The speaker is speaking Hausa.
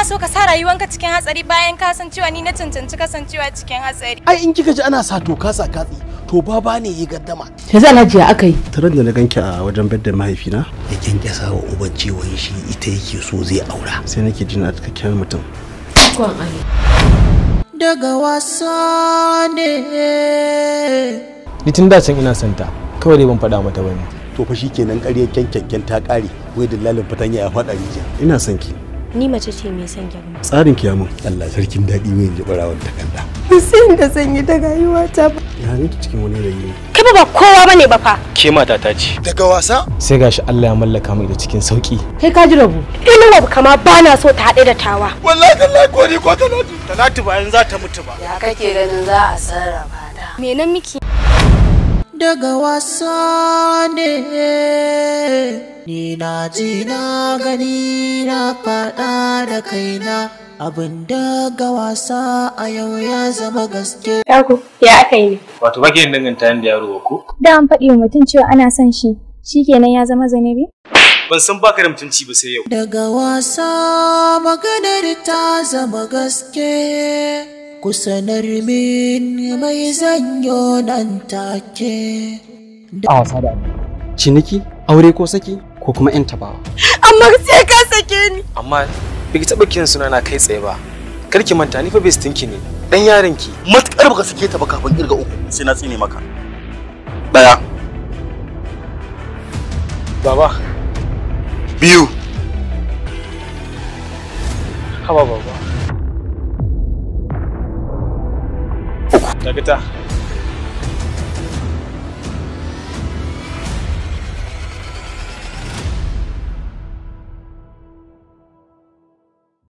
kana so ka sa rayuwanka cikin hatsari bayan ka san cewa ni na cancanci kasancewa cikin hatsari ai in kika ji ana sa ka sa katsi to baba ne ya gaddama yanzu alhaji aka yi taron da na ganki a wajen bedda mahaifina ya sa wa uban cewa shi ita yake so zai aura sai nake jin a cikakken mutum daga wasa ne ni tun da can ina santa kawai dai ban faɗa mata bane to fa shikenan ƙaryar ta ƙare wai dillalin fatanya ya faɗa rijiya ina son ki ni mace ce mai son girma tsarin kiyamun Allah sarkin daɗi wai ji barawon takarda Hussein da zan yi daga rayuwa ta ba na ni cikin wani rayi kai ba kowa bane ba fa ke mata ta ce daga wasa sai gashi Allah ya mallaka mu da cikin sauki kai ka ji rabu inuwa kama na so ta haɗe da tawa wallahi tallahi ko ni ko talatu talatu ba yanzu za ta mutu ba ya kake ganin za a sarrafa ta me nan miki daga wasa ne ni na ji na gani na faɗa da kaina abin da ga wasa a yau ya zama gaske. Yaku, ya aka yi ne? Wato baki yin danganta da yaro ko? Da an faɗi wa mutum cewa ana son shi, shi kenan ya zama zanibi? Ban san baka da mutunci ba sai yau. Daga wasa maganar ta zama gaske. ku sanar min mai zanyo nan take. A wasa da ciniki, aure ko saki, ko kuma 'yan tabawa. Amma sai ka sake ni. Amma bai taɓa kiran suna na kai tsaye ba. Kar ki manta ni fa bai stinki ne. Dan yaron ki. Matukar baka sake ta ba kafin kirga uku sai na tsine maka. Daya. Baba. Biyu. Haba baba. Uku. Dakata.